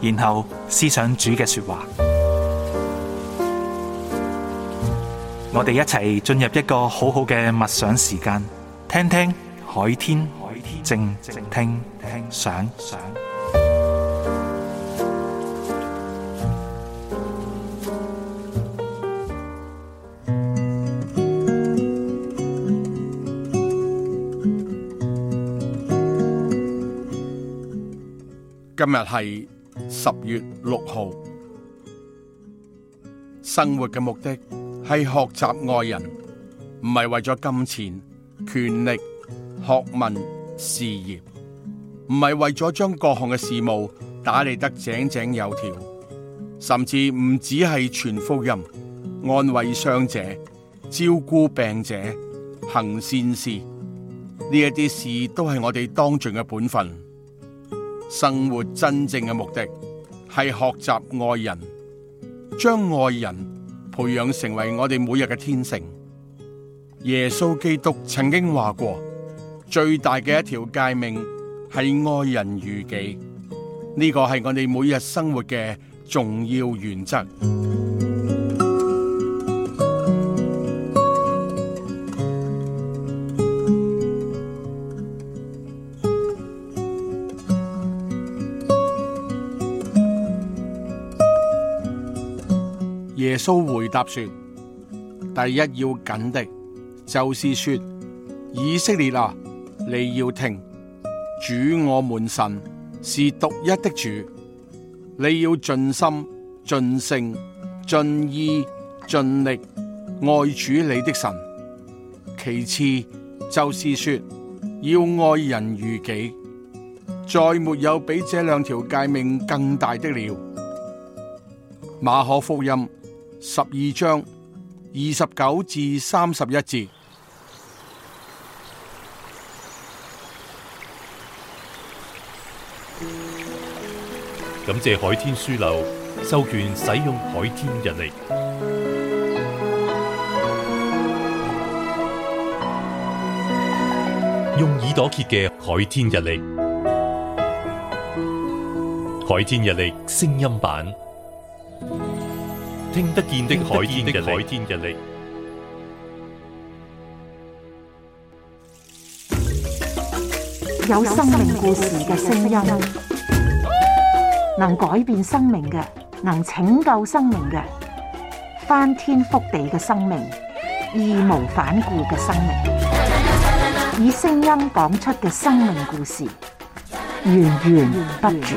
然後思想主嘅說話，嗯、我哋一齊進入一個好好嘅默想時間，聽聽海天，海天靜靜聽聽想想。今日係。十月六號，生活嘅目的係學習愛人，唔係為咗金錢、權力、學問、事業，唔係為咗將各項嘅事務打理得井井有條，甚至唔只係傳福音、安慰傷者、照顧病者、行善事呢一啲事，都係我哋當盡嘅本分。生活真正嘅目的係學習愛人，將愛人培養成為我哋每日嘅天性。耶穌基督曾經話過，最大嘅一條誡命係愛人如己。呢個係我哋每日生活嘅重要原則。耶穌回答說：第一要緊的，就是說，以色列啊，你要聽，主我們神是獨一的主，你要盡心、盡性、盡意、盡力愛主你的神。其次就是說，要愛人如己。再沒有比這兩條誡命更大的了。馬可福音。十二章二十九至三十一節。感謝海天書樓授權使用海天日曆，用耳朵揭嘅海天日曆，海天日曆聲音版。聽得見的海天日曆，有生命故事嘅聲音，能改變生命嘅，能拯救生命嘅，翻天覆地嘅生命，義無反顧嘅生命，以聲音講出嘅生命故事，源源不絕。